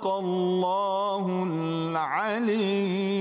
صدق الله العليم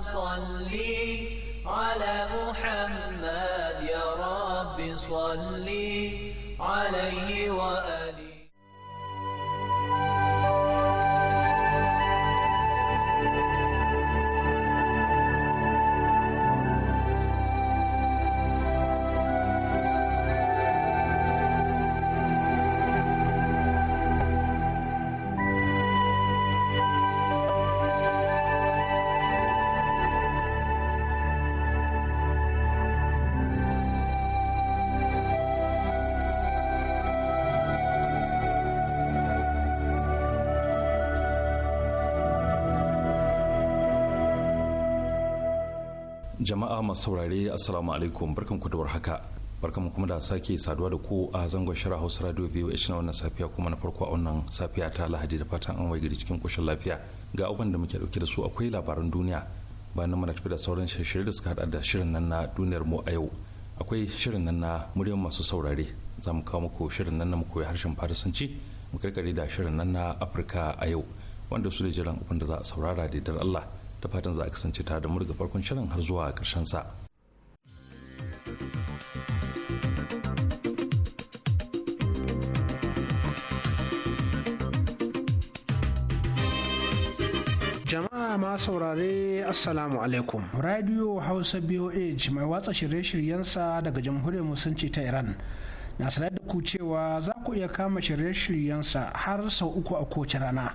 صل على محمد يا رب صل عليه وآله jama'a masu saurare assalamu alaikum barkan ku da warhaka barkan kuma da sake saduwa da ku a zangon shirin hausa radio voh na wannan safiya kuma na farko a wannan safiya ta lahadi da fatan an waye cikin koshin lafiya ga abin da muke dauke da su akwai labaran duniya bayan muna tafi da sauran shirye da suka hada da shirin nan na duniyar mu a yau akwai shirin nan na muryar masu saurare za mu kawo muku shirin nan na mu koyi harshen farisanci mu karkare da shirin nan na afirka a yau wanda su da jiran abin da za a saurara da dar allah da fatan za a kasance tare da murga farkon shirin har zuwa karshen sa. jama'a ma saurare assalamu alaikum radio hausa boh mai watsa shirye-shiryensa daga jamhuriyar musulunci ta iran na sanar da ku cewa za ku iya kama shirye-shiryensa har sau uku a kowace rana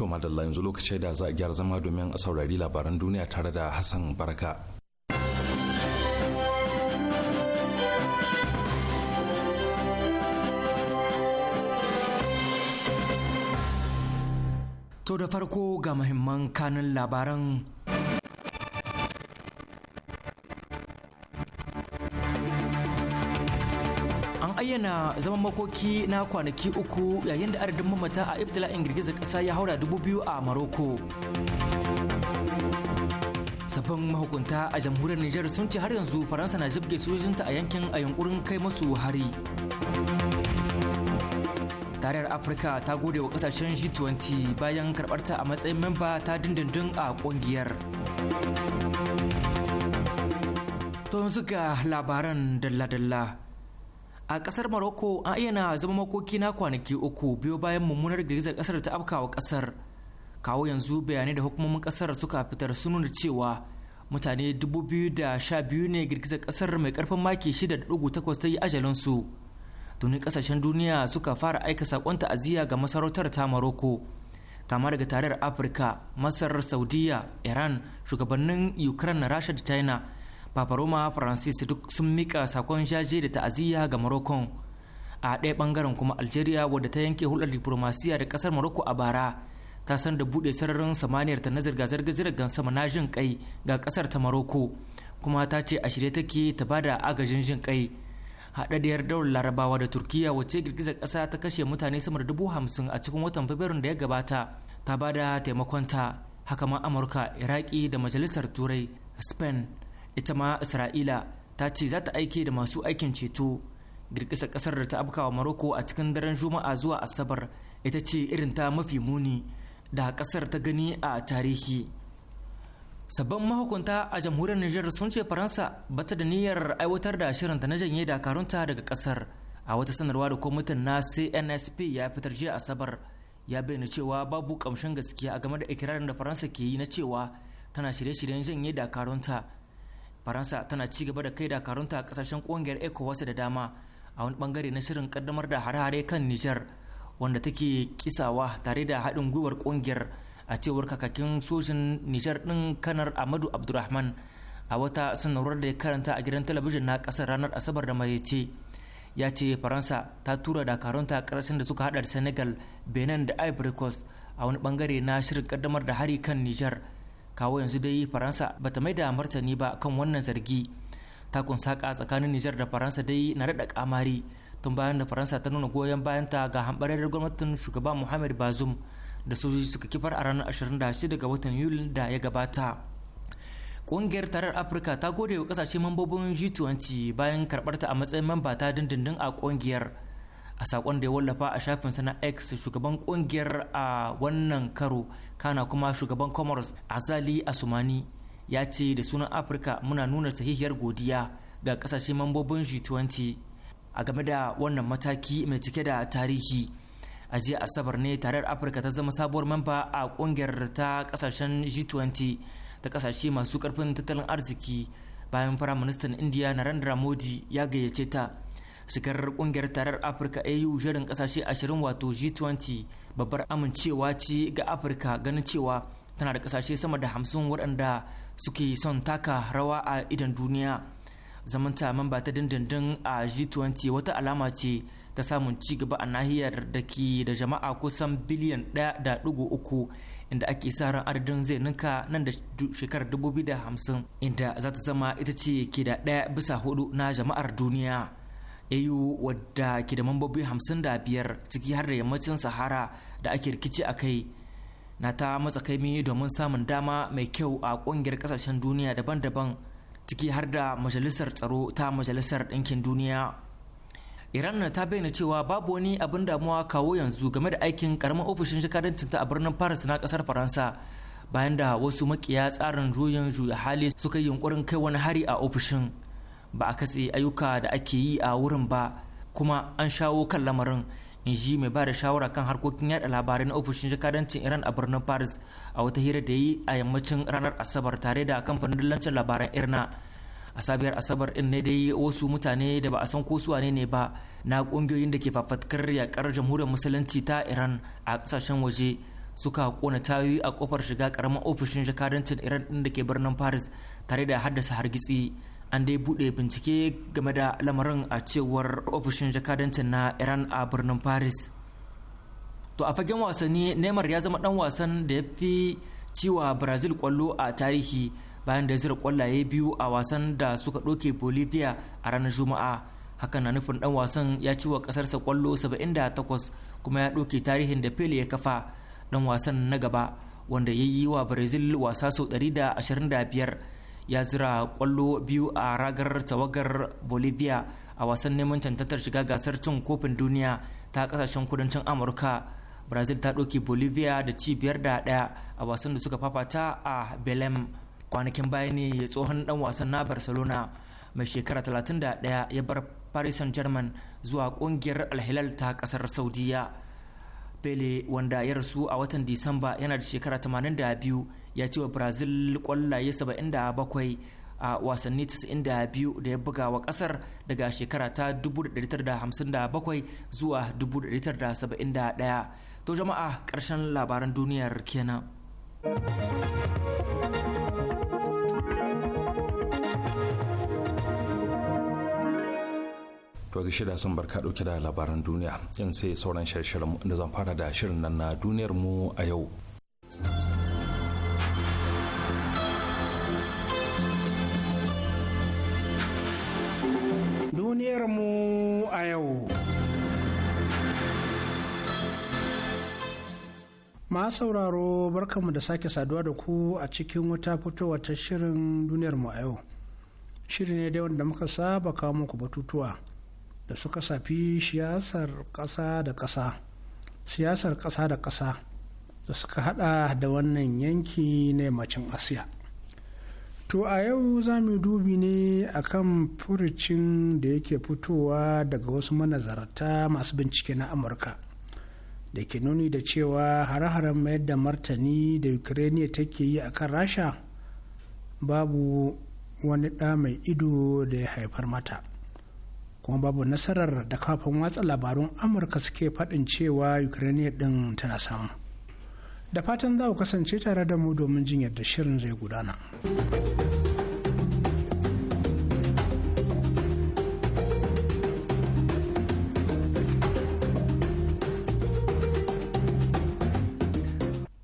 To madalla yanzu lokaci da za a gyara zama domin a saurari labaran duniya tare da Hassan baraka To da farko ga mahimman kanin labaran zaman makoki na kwanaki uku yayin da adadin mamata a iftila'in girgizar ƙasa ya haura dubu biyu a maroko sabbin mahukunta a jamhuriyar niger sun ce har yanzu faransa na jibge sojinta a yankin a yankurin kai masu hari tarayyar afirka ta gode wa kasashen g20 bayan karbarta a matsayin memba ta dindindin a kungiyar to yanzu ga labaran dalla-dalla a kasar morocco an ayyana zama makoki na kwanaki uku biyo bayan mummunar girgizar kasar ta afkawa kasar kawo yanzu bayanai da hukumomin kasar suka fitar sun nuna cewa mutane 2012 ne girgizar kasar mai karfin maki 6.8 ta yi ajalinsu tuni kasashen duniya suka fara aika sakon ta'aziyya ga masarautar ta morocco kama daga tarayyar afirka masar saudiya iran shugabannin ukraine rasha da china papa roma francis duk sun mika sakon jaje da ta'aziyya ga morocco a ɗaya bangaren kuma algeria wadda ta yanke hulɗar diplomasiya da ƙasar morocco a bara ta san da buɗe sararin samaniyar ta na zirga-zirga jiragen sama na jin kai ga ƙasar ta morocco kuma ta ce a shirye take ta bada agajin jin kai haɗaɗiyar daular larabawa da turkiya wacce girgizar ƙasa ta kashe mutane sama da dubu hamsin a cikin watan Fabrairu da ya gabata ta bada taimakonta haka ma amurka iraki da majalisar turai spain ita ma isra'ila ta ce za ta aike da masu aikin ceto girgizar kasar da ta afkawa maroko a cikin daren juma'a zuwa asabar ita ce irin ta mafi muni da kasar ta gani a tarihi sabbin mahukunta a jamhuriyar niger sun ce faransa bata da niyyar aiwatar da shirinta na janye dakarunta daga kasar a wata sanarwa da kwamitin na cnsp ya fitar jiya asabar ya bayyana cewa babu kamshin gaskiya a game da ikirarin da faransa ke yi na cewa tana shirye-shiryen janye dakarunta faransa tana ci gaba da kai dakarunta a kasashen kungiyar ecowas da dama a wani bangare na shirin kaddamar da hare-hare kan niger wanda take kisawa tare da haɗin gwiwar kungiyar a cewar kakakin sojin niger ɗin kanar amadu abdurrahman a wata sanarwar da ya karanta a gidan talabijin na ƙasar ranar asabar da maraice ya ce faransa ta tura dakarunta a ƙarshen da suka haɗa da senegal benin da ivory coast a wani bangare na shirin kaddamar da hari kan niger kawo yanzu dai faransa ba ta mai da martani ba kan wannan zargi takun saka tsakanin nijar da faransa dai na daɗa kamari tun bayan da faransa ta nuna goyon bayanta ga hambarar gwamnatin shugaban muhammad bazum da sojoji suka kifar a ranar 26 ga watan yuli da ya gabata ƙungiyar tarar afirka ta gode wa kasashe mambobin g20 bayan karɓarta a matsayin mamba ta dindindin a ƙungiyar a sakon da ya wallafa a shafin sana x shugaban ƙungiyar a wannan karo kana kuma shugaban comoros azali asumani ya ce da sunan afirka muna nuna sahihiyar godiya ga kasashe mambobin g20 a game da wannan mataki mai cike da tarihi a jiya asabar ne tarayyar afirka ta zama sabuwar mamba a ƙungiyar ta kasashen g20 ta kasashe masu karfin tattalin arziki bayan firaministan indiya narendra modi ya gayyace ta shigar kungiyar tarar afirka au shirin kasashe 20 wato g20 babbar amincewa ce ga afirka ganin cewa tana da kasashe sama da 50 waɗanda suke son taka rawa a idan duniya zamanta mamba ta dindindin a g20 wata alama ce ta samun ci gaba a nahiyar da ke da jama'a kusan biliyan 1.3 inda ake sa ran adadin zai ninka nan da shekarar 2050 inda za ta zama ita ce ke da ɗaya bisa hudu na jama'ar duniya au wadda ke da mambobi 55 ciki har da yammacin sahara da ake rikici a kai na ta matsa kaimi domin samun dama mai kyau a kungiyar kasashen duniya daban-daban ciki har da majalisar tsaro ta majalisar ɗinkin duniya iran ta bayyana cewa babu wani abin damuwa kawo yanzu game da aikin karamin ofishin ta a birnin paris na kasar faransa bayan da wasu makiya tsarin juyin juya hali suka yi yunkurin kai wani hari a ofishin ba a katse ayyuka da ake yi a wurin ba kuma an shawo kan lamarin in ji mai ba da shawara kan harkokin yada labarai na ofishin jakadancin iran a birnin paris a wata hira da yi a yammacin ranar asabar tare da kamfanin lancin labaran irna a sabiyar asabar in ne dai wasu mutane da ba a san ko su ne ba na kungiyoyin da ke fafatkar yakar jamhuriyar musulunci ta iran a kasashen waje suka kona tayoyi a kofar shiga karamin ofishin jakadancin iran din da ke birnin paris tare da haddasa hargitsi an dai bude bincike game da lamarin a cewar ofishin jakadancin na iran a birnin paris to a fagen wasanni neymar ya zama dan wasan da ya fi ciwa brazil kwallo a tarihi bayan da ya zira kwallaye biyu a wasan da suka doke bolivia a ranar juma'a hakan na nufin dan wasan ya ciwa kasarsa kwallo 78 kuma ya doke tarihin da pele ya kafa dan wasan na gaba wanda ya yi wa brazil wasa sau 125 ya zira kwallo biyu a ragar tawagar bolivia a wasan neman cancantar shiga gasar cin kofin duniya ta kasashen kudancin amurka brazil ta doki bolivia da ci biyar da daya a wasan da suka fafata a belem kwanakin baya ne ya tsohon dan wasan na barcelona mai shekara 31 ya bar paris saint germain zuwa kungiyar alhilal ta kasar saudiya pele wanda ya rasu a watan disamba yana da shekara 82 ya ce wa brazil kwallaye 77 a wasanni 92 da ya buga wa kasar daga shekara ta 1957 zuwa 1971 to jama'a ƙarshen labaran duniyar kenan to ga shida sun barka dauke da labaran duniya in sai sauran shirin da zan fara da shirin nan na duniyar mu a yau duniyarmu a yau. Ma sauraro barkanmu da sake saduwa da ku a cikin wata fitowa ta shirin mu a yau. Shiri ne dai wanda muka saba kawo muku batutuwa da suka safi siyasar ƙasa da ƙasa, siyasar ƙasa da ƙasa da suka hada da wannan yanki na yammacin Asiya. To a yau za mu dubi ne akan furucin da yake fitowa daga wasu manazarta masu bincike na Amurka da ke nuni da cewa hare-haren mayar da martani da Ukraine take yi akan Rasha babu wani ɗa mai ido da ya haifar mata. kuma babu nasarar da kafin watsa labarun amurka suke faɗin cewa ukraine ɗin tana samu da fatan za ku kasance tare da mu domin jin yadda shirin zai gudana.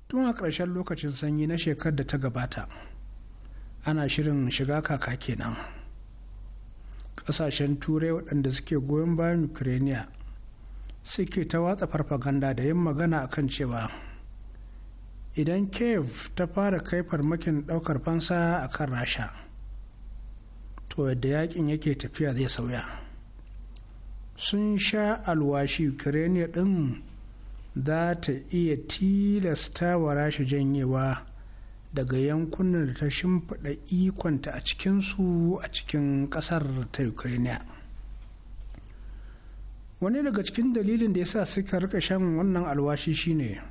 tun a ƙarshen lokacin sanyi na shekar da ta gabata ana shirin shiga kaka kenan ƙasashen turai waɗanda suke goyon bayan ukraine suke ta watsa farfaganda da yin magana akan cewa idan kiev ta fara kai farmakin daukar fansa a kan rasha to yadda yakin yake tafiya zai sauya sun sha alwashi ukraine din za ta iya tilasta wa rasha janyewa daga yankunan da ta shimfiɗa ikonta a cikinsu a cikin ƙasar ta ukraine wani daga cikin dalilin da ya sa suka rika shan wannan alwashi shine ne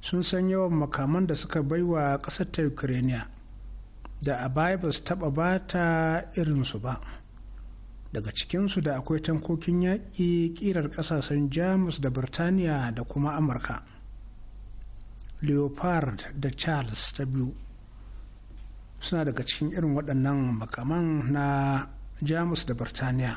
sun san yawan makaman da suka baiwa ƙasar ta ukraine da a baya ba su taɓa ba ta irinsu ba daga cikinsu da akwai tankokin yaƙi ƙirar ƙasashen jamus da birtaniya da kuma amurka leopard da charles ta biyu suna daga cikin irin waɗannan makaman na jamus da birtaniya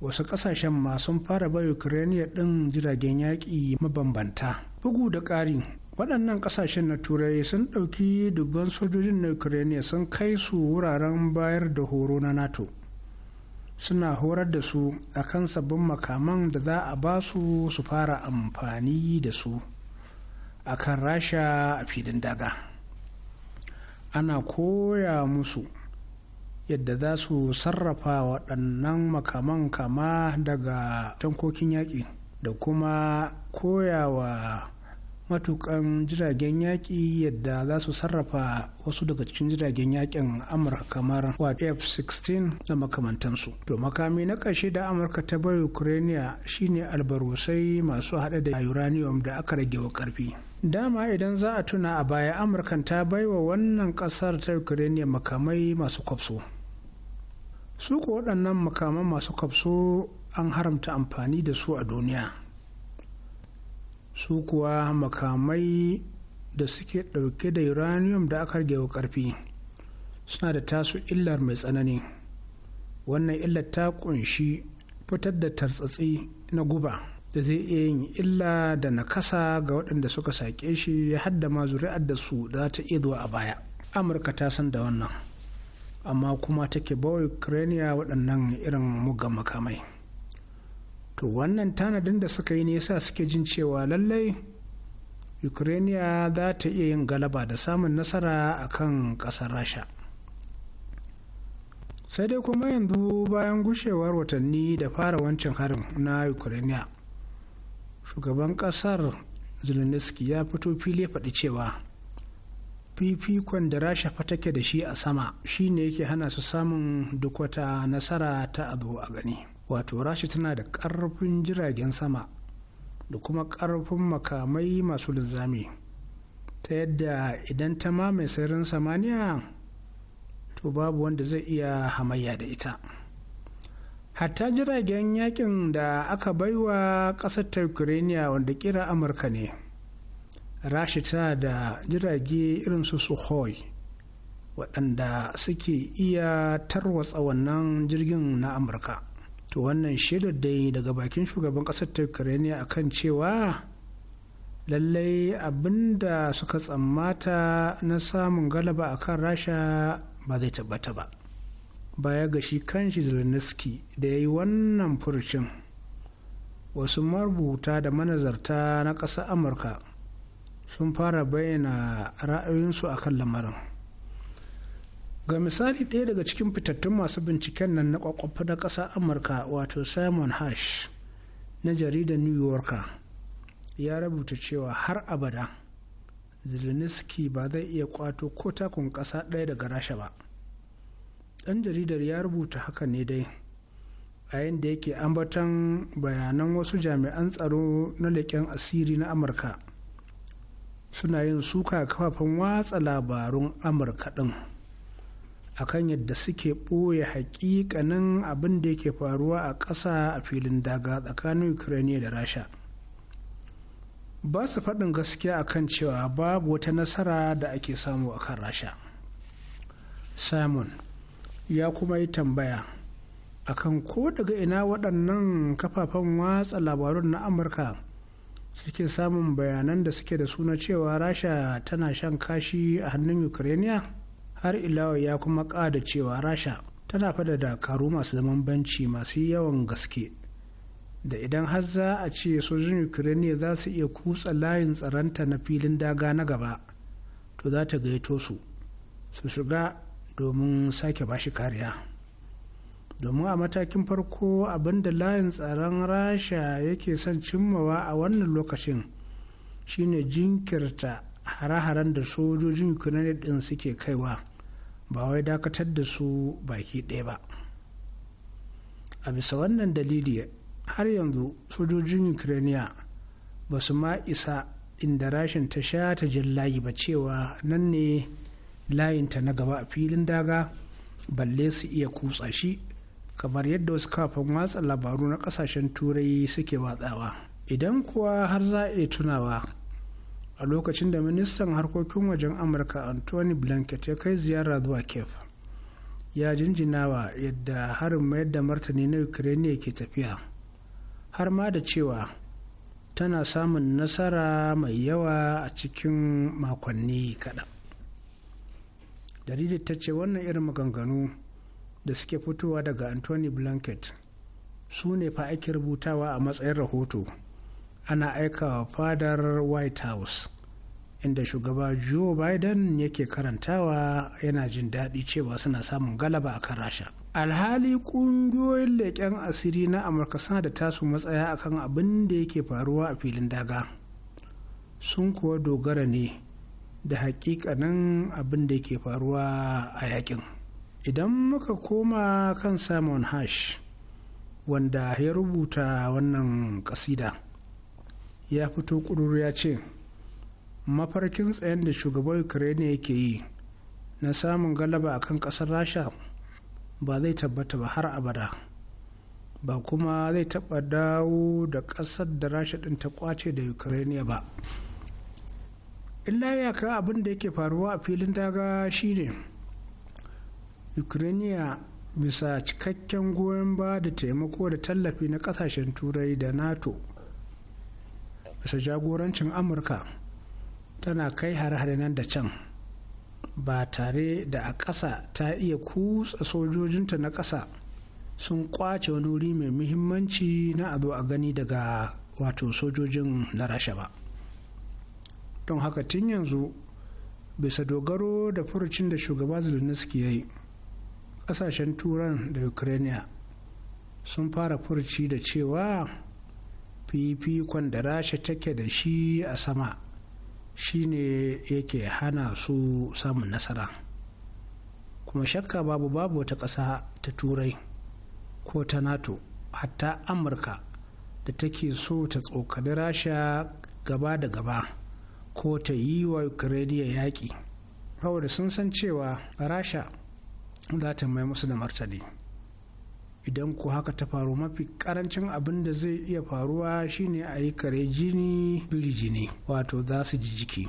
wasu ƙasashen ma sun fara bai ukraine ɗin jiragen yaƙi mabambanta bugu da ƙari waɗannan ƙasashen na turai sun ɗauki dubban sojojin na ukraine sun kai su wuraren bayar da horo na nato suna horar da su a kan sabbin makaman da za a ba su su fara amfani da su a kan rasha a filin daga ana koya musu yadda za su sarrafa waɗannan makaman kama daga tankokin yaƙi da kuma koyawa matukan jiragen yaƙi yadda za su sarrafa wasu daga cikin jiragen yaƙin amurka kamar f-16 da makamantansu to makami na ƙarshe da amurka ta bar ukraine shine albarusai masu haɗa da uranium da aka rage wa ƙarfi dama idan za a tuna a baya amurkan ta bai wa wannan ƙasar ta ukraine makamai masu kwafso su ko waɗannan makaman masu kwabso an haramta amfani da su a duniya su kuwa makamai da suke ɗauke da uranium da aka rage wa ƙarfi suna da tasu illar mai tsanani wannan illar ta kunshi fitar da tartsatsi na guba da zai iya yin illa da nakasa ga waɗanda suka sake shi ya hadda ma zuri'ar da su za ta iya zuwa a baya amurka ta san da wannan amma kuma take bawa ukraine waɗannan irin muga makamai to wannan tanadin da suka yi ne yasa suke jin cewa lallai Ukrainiya za ta iya yin galaba da samun nasara a kan ƙasar rasha sai dai kuma yanzu bayan gushewar watanni da fara wancan harin na Ukrainiya, shugaban ƙasar zelensky ya fito fili faɗi cewa fifikon da rasha take da shi a sama shine yake hana su samun duk wata nasara ta abu a gani. wato rasha tana da ƙarfin jiragen sama da kuma ƙarfin makamai masu linzami ta yadda idan ta mamaye sararin samaniya to babu wanda zai iya hamayya da ita hatta jiragen yakin da aka baiwa ƙasar ta ukraine wanda kira amurka ne rasha ta da jirage irin su suhoi waɗanda suke iya tarwatsa wannan jirgin na amurka to wannan shaidar dai daga bakin shugaban ƙasar ta ukraine kan cewa lallai abinda suka tsammata na samun galaba a kan rasha ba zai tabbata ba baya ga shi kanshi zelensky da ya yi wannan furcin. wasu marubuta da manazarta na ƙasar amurka sun fara bayyana ra'ayoyinsu a kan lamarin ga misali ɗaya daga cikin fitattun masu binciken nan na kwakwafa na ƙasa amurka wato simon hash na jaridar new york ya rubuta cewa har abada zelensky ba zai iya kwato ko takun ƙasa ɗaya daga rasha ba ɗan jaridar ya rubuta haka ne dai a yadda yake ambatan bayanan wasu jami'an tsaro na leƙen asiri na amurka suna yin suka kafafen watsa labarun amurka ɗin. akan yadda suke ɓoye hakikanin abin da yake faruwa a ƙasa a filin daga tsakanin ukraine da rasha ba su faɗin gaskiya akan cewa babu wata nasara da ake samu a kan rasha simon ya kuma yi tambaya akan ko daga ina waɗannan kafafen watsa labarun na amurka suke samun bayanan da suke da suna cewa rasha tana shan kashi a hannun ukraine har ilawa ya kuma ƙada cewa rasha tana fada dakaru masu zaman banci masu yawan gaske da idan har za a ce sojin ukraine za su iya kutsa layin tsaranta na filin daga na gaba to za ta gaito su su shiga domin sake bashi kariya domin a matakin farko abinda layin tsaron rasha yake son cimmawa a wannan lokacin shine jinkirta hare-haren da sojojin ukraine din suke kaiwa ba wai dakatar da su baki ɗaya ba a bisa wannan dalili har yanzu sojojin ukraine ba su ma isa inda rashin ta sha ta jin layi ba cewa nan ne layinta na gaba a filin daga balle su iya kutsa shi kamar yadda wasu kafin watsa labaru na kasashen turai suke watsawa idan kuwa har za a iya tunawa a lokacin da ministan harkokin wajen amurka anthony blanket ya kai ziyara zuwa kiev ya jinjinawa yadda harin mayar da martani na ukraine ke tafiya har ma da cewa tana samun nasara mai yawa a cikin makonni kaɗan jaridar ta ce wannan irin maganganu da suke fitowa daga anthony blanket su ne fa ake rubutawa a matsayin rahoto ana aika wa fadar white house inda shugaba joe biden yake karantawa yana jin daɗi cewa suna samun galaba a kan rasha alhali ƙungiyoyin leƙen asiri na amurka suna da tasu matsaya akan abin da yake faruwa a filin daga sun kuwa dogara ne da hakikanin abin da yake faruwa a yakin idan muka koma kan simon hash wanda ya rubuta wannan kasida ya fito ƙururu ya ce mafarkin tsayen da shugaban ukraine yake yi na samun galaba a kan ƙasar rasha ba zai tabbata ba har abada ba kuma zai taba dawo da ƙasar da rasha ɗin ta kwace da ukraine ba illa ka abin da yake faruwa a filin daga shine ukraine bisa cikakken goyon ba da taimako da tallafi na kasashen turai da nato bisa jagorancin amurka tana kai har-hare nan da can ba tare da a ƙasa ta iya kutsa sojojinta na ƙasa sun kwace wani wuri mai muhimmanci na abu a gani daga wato sojojin na rasha ba don haka tun yanzu bisa dogaro da furucin da shugaba zelensky ya yi ƙasashen turan da ukraine sun fara furuci da cewa fifikon da rasha take da shi a sama shine yake hana su samun nasara kuma shakka babu babu wata ƙasa ta turai ko ta nato hatta amurka da take so ta tsokali rasha gaba da gaba ko ta yi wa ukraine yaƙi saboda sun san cewa rasha za ta mai musu da martani idan ko haka ta faru mafi karancin abin da zai iya faruwa shine a yi kare jini biri jini wato za su ji jiki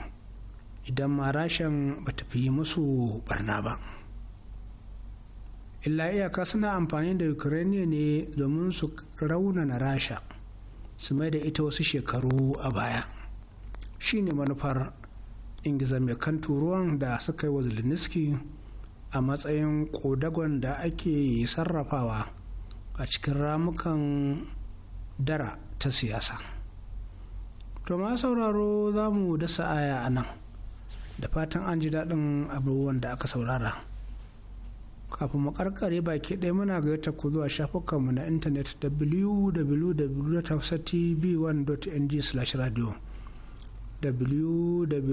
idan ma rashin ba ta fi musu barna ba illa iyaka suna amfani da ukraine ne domin su raunana rasha su mai da ita wasu shekaru a baya shine manufar ingiza mai kan turuwan da suka yi wa zelensky a matsayin kodagon da ake sarrafawa a cikin ramukan dara ta siyasa to ma sauraro za mu dasa aya a nan da fatan an ji daɗin abubuwan da aka saurara kafin mu karkare baki ɗaya muna gayyata ku zuwa shafukanmu na intanet www.tv1.ng/radio wwwtv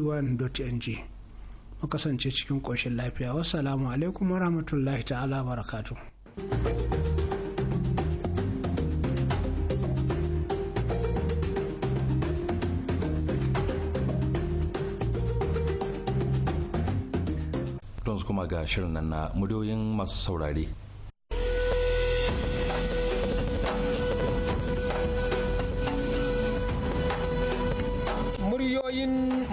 1ng mu kasance cikin ƙoshin lafiya wassalamu alaikum rahmatullahi ta'ala barakatu. kuma ga shirin nan na muryoyin masu saurare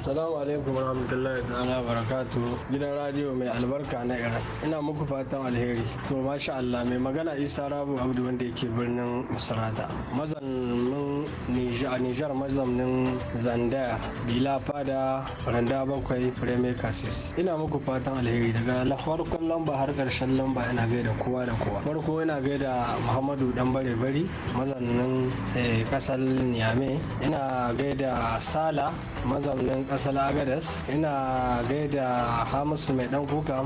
Salamu alaikum rahmatullahi ta'ala barakatu gidan radio mai albarka na Iran. Ina muku fatan alheri. To masha Allah mai magana Isa Rabu Abdu wanda yake birnin Misrata. Mazanin a Nijar Mazanin Zandaya Bila Fada Randa Bakwai Premier cases Ina muku fatan alheri daga farkon lamba har karshen lamba ina gaida kowa da kowa. Farko ina gaida Muhammadu Dan Bare Bari mazaunin kasal eh, niame Ina gaida Sala mazaunin kasar agadas ina gaida hamisu mai dan kuka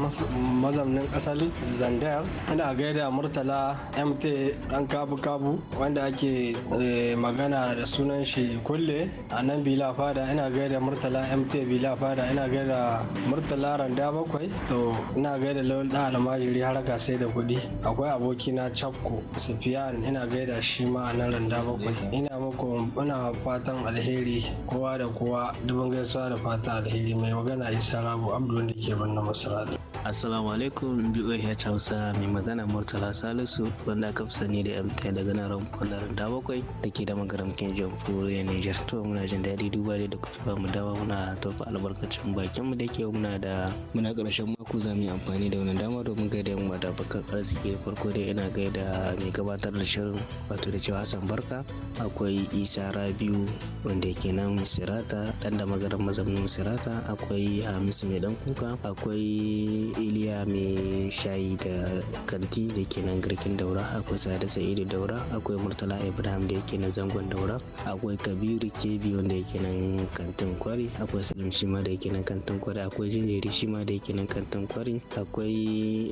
mazaunin kasar zandar ina gaida murtala mt dan kabu kabu wanda ake eh, magana da sunan shi kulle a nan bila fada ina gaida murtala mt bila fada ina gaida murtala randa bakwai to ina gaida lawan dan almajiri haraka sai da kuɗi akwai abokina chapko sufiyan ina gaida shi ma a nan randa bakwai ina muku ina fatan alheri kowa da kowa Hausa gaisuwa da fata alheri mai magana Isa Rabu Abdu wanda ke birnin Masarauta. Assalamu alaikum ya Hausa mai magana Murtala Salisu wanda aka fi sani da mta daga nan kwallar da bakwai da ke da magaramkin jamhuriyar Nijar. To muna jin daɗi duba da kuka ba mu dawa muna tofa albarkacin bakin mu da ke muna da muna ƙarshen mako za mu yi amfani da wannan dama domin gaida yan da bakan arziki farko dai ina gaida mai gabatar da shirin wato da cewa Hassan Barka akwai Isa Rabiu wanda ke nan Sirata dan da magaran mazaunin sirata akwai hamisu mai dan kuka akwai iliya mai shayi da kanti da ke nan garkin daura akwai sada sa'idu daura akwai murtala ibrahim da yake nan zangon daura akwai kabiru kebi wanda yake nan kantin kwari akwai salim shi ma da yake nan kantin kwari akwai jinjiri shi ma da yake nan kantin kwari akwai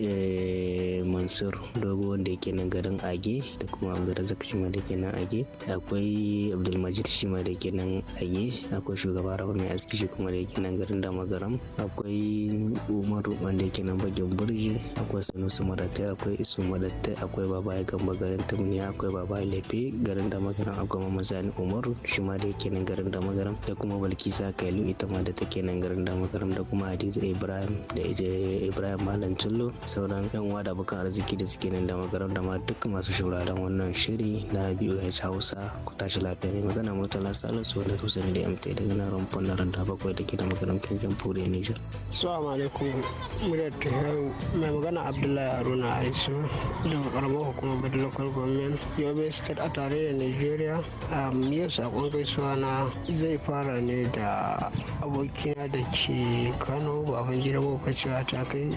eh, mansur dogo wanda yake nan garin age da kuma abdulrazak shi ma da yake nan age akwai abdulmajid shi ma da yake nan age akwai shugaba rabu mai aski shi kuma da yake nan garin da magaram akwai umaru wanda yake nan bagin burji akwai sanusi madatai akwai isu madatai akwai baba ya gamba garin tumni akwai baba ya lefe garin da magaram akwai mamazani umaru shi ma da yake nan garin da magaram da kuma balkisa kailu ita ma da take nan garin da magaram da kuma hadiza ibrahim da ibrahim malam cillo sauran yan uwa da bukan arziki da suke nan da magaram da ma duk masu shauraron wannan shiri na biyu ya hausa ku tashi lafiya ne magana murtala salisu wanda tusa da mt daga daga rumfar na randa bakwai da ke da makarantar jamhuriyar Nijar. Assalamu alaikum muryar Tehran mai magana Abdullahi Haruna Aisu daga karamar hukumar Badal Local Government Yobe State a tarayyar Nigeria. Yau sakon gaisuwa na zai fara ne da abokina da ke Kano baban gida cewa ta kai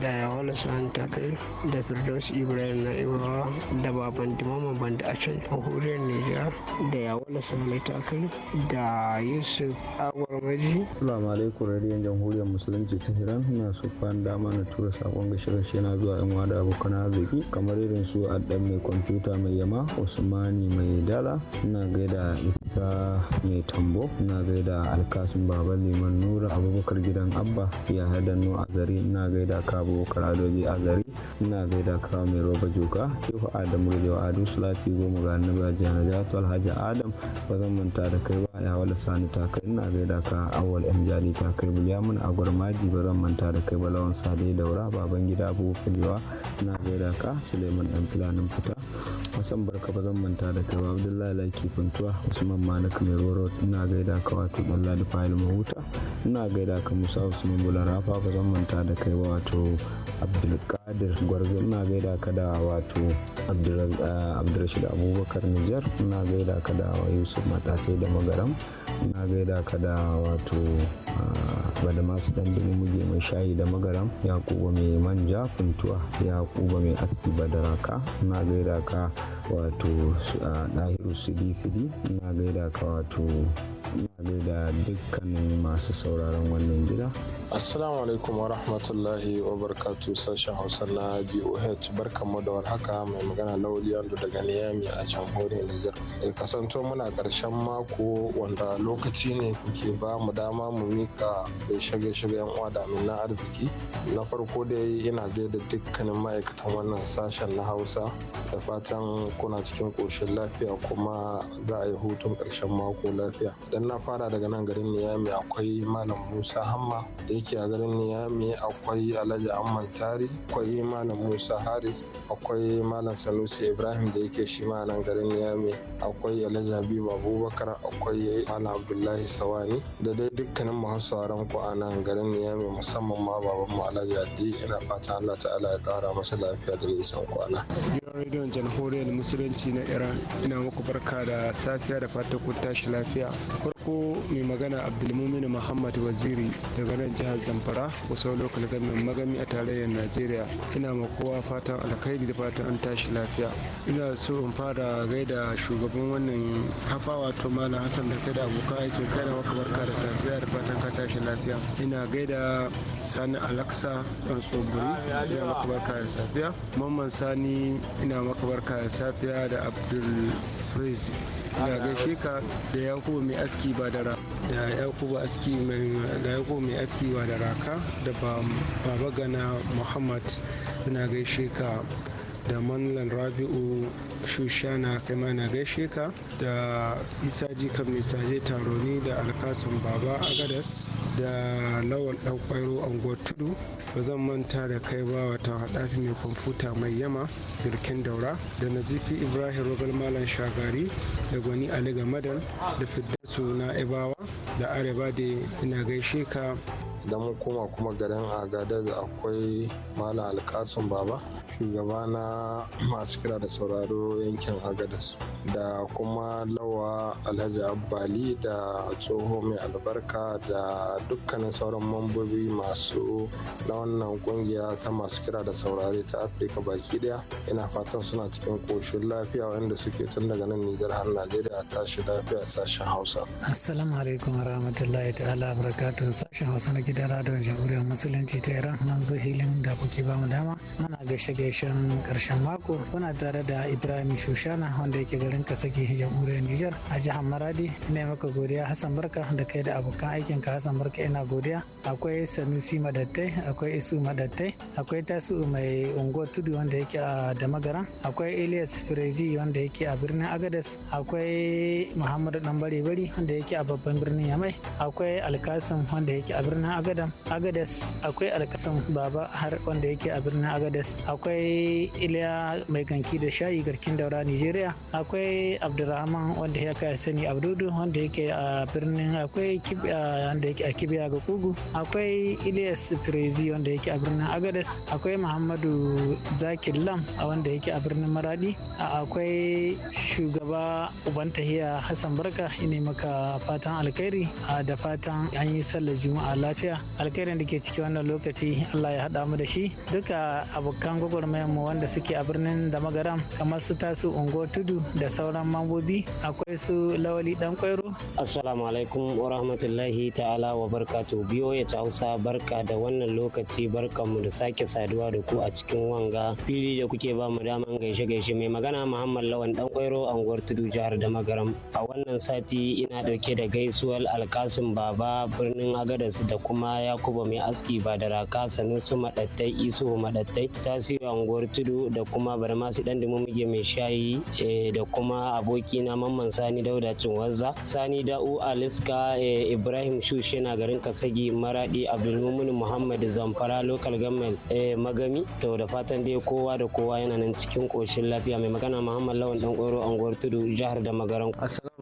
da Yawala sa'an ta kai da Firdaus Ibrahim na Ibrahim da baban Dimaman Banda a can jamhuriyar Nijar da Yawala ta kai da Yusuf Abdul Agwarmaji. Assalamu alaikum radiyon jamhuriyar musulunci ta Iran na so fan dama na tura sakon gashi na zuwa yan wada abokan arziki kamar irin su addan mai kwamfuta mai yama Usmani mai dala ina gaida isa mai tambo ina gaida alkasun baban liman nura abubakar gidan abba ya a azari ina gaida ka abubakar adoji azari ina gaida ka mai roba joka shehu adamu da ado sulati goma ga annabi jihar alhaji adam ba zan manta da kai ba ya wala sani ta ina gaida ka awal yan jali ta kai bulyamin agwar maji ba zan manta da kai ba lawan dai daura baban gida abubakar yawa ina gaida ka suleiman dan filanin fita wasan barka ba zan manta da kai ba abdullahi laki kuntuwa usman malik mai roro ina gaida ka wato dan ladi fayil mahuta ina gaida ka musa usman bula rafa ba zan manta da kai ba wato abdulkadir gwarzo ina gaida ka da wato eh, abdulrashid abubakar nijar ina gaida ka da yusuf matatai da magaram na gaida ka da wato bada masu dandamin muje mai shayi da magaram ya kuba mai manja funtuwa kuba mai aski badaraka na gaida ka wato ɗahiru sidi sidi na gaida ka wato ina da dukkanin masu sauraron wannan gida assalamu alaikum wa rahmatullahi wa barkatu sashen hausa na boh barkanmu da warhaka mai magana lauli ando daga niyami a jamhuriyar nijar ya kasanto muna karshen mako wanda lokaci ne kuke ba mu dama mu mika da gaishe yan uwa da na arziki na farko dai ina gaida dukkanin ma'aikatan wannan sashen na hausa da fatan kuna cikin ƙoshin lafiya kuma za a yi hutun ƙarshen mako lafiya idan na fara daga nan garin niyami akwai malam musa hamma da yake a garin niyami akwai alhaji amman tari akwai malam musa haris akwai malam sanusi ibrahim da yake shi ma nan garin niyami akwai alhaji habibu abubakar akwai malam abdullahi sawani da dai dukkanin masu ku a nan garin niyami musamman ma baban mu alhaji addi ina fata allah ta'ala ya kara masa lafiya da nisan kwana. rediyon jamhuriyar musulunci na iran ina muku barka da safiya da fata ku tashi lafiya por farko mai magana abdulmumin muhammad waziri daga nan jihar zamfara wasu lokal gamin magami a tarayyar najeriya ina ma kowa fatan alkhairi da fatan an tashi lafiya ina so in fara gaida shugaban wannan kafa wato malam hassan da kai da abokan aikin kai da maka barka da safiya da fatan ka tashi lafiya ina gaida sani alaksa dan tsoburi ina maka barka da safiya mamman sani ina maka barka da safiya da abdul ina gaishe ka da yakubu mai aski badara da yakubu aski da yakubu mai aski da raka da baba gana muhammad muna gaishe ka da manlan rabi'u shushana kai ma na gaishe ka da isa jikan misaje saje taroni da alkasan baba agadas da lawal dan kwairo anguwar tudu ba zan manta da kai ba wata haɗafi mai kwamfuta mai yama girkin daura da nazifi ibrahim rogal malam shagari da gwani ali gamadan da fiddasu na ibawa da areba da ina gaishe ka idan mun koma kuma garin da akwai malam alkasun baba shugaba na masu kira da sauraro yankin agadas da kuma lawa alhaji abbali da tsoho mai albarka da dukkanin sauran mambobi masu na wannan kungiya ta masu kira da saurare ta afirka baki daya ina fatan suna cikin koshin lafiya wanda suke tun daga nan nijar har najeriya tashi lafiya sashen hausa assalamu alaikum warahmatullahi ta'ala barakatun sashen hausa na gida ta radar jamhuriyar musulunci ta iran nan zo hilin da kuke bamu dama muna gaishe gaishen karshen mako muna tare da ibrahim shushana wanda yake garin kasake jamhuriyar nijar a jihar maradi ina maka godiya hassan barka da kai da abokan aikin ka hassan barka ina godiya akwai sanusi madattai akwai isu madattai akwai tasu mai ungo tudu wanda yake a damagaran akwai elias fireji wanda yake a birnin agadas akwai muhammadu dan bari bari wanda yake a babban birnin yamai akwai alkasim wanda yake a birnin agadas agadan agadas akwai alkasan baba har wanda yake a birnin agadas akwai iliya mai ganki da shayi garkin daura nigeria akwai abdulrahman wanda ya kai sani abdudu wanda yake a birnin akwai wanda yake a kibiya ga kugu akwai ilias firezi wanda yake a birnin agadas akwai muhammadu zakir lam a wanda yake a birnin maradi akwai shugaba uban tahiya hassan barka ina maka fatan alkhairi da fatan an yi sallar juma'a lafiya lafiya alkhairin da ke ciki wannan lokaci Allah ya haɗa mu da shi duka abokan gwagwarmayar mu wanda suke a birnin da kamar su tasu ungo tudu da sauran mambobi akwai su lawali dan kwairo assalamu alaikum wa rahmatullahi ta'ala wa barkatu biyo ya hausa barka da wannan lokaci mu da sake saduwa da ku a cikin wanga fili da kuke ba mu daman gaishe gaishe mai magana muhammad lawan dan kwairo anguwar tudu jihar da a wannan sati ina dauke da gaisuwar alkasim baba birnin agadas da kuma kuma Yakubu mai aski ba da raka su madattai isu madattai tasiri unguwar tudu da kuma barmasi dan dumumuge mai shayi eh, da kuma abokina mamman sani dauda cinwazza sani da'u aliska eh, ibrahim shushe na garin kasagi maradi abdulmumin muhammad zamfara local government eh, magami to da fatan dai kowa da kowa yana nan cikin koshin lafiya mai magana muhammad lawan dan kwaro unguwar tudu jihar da magaran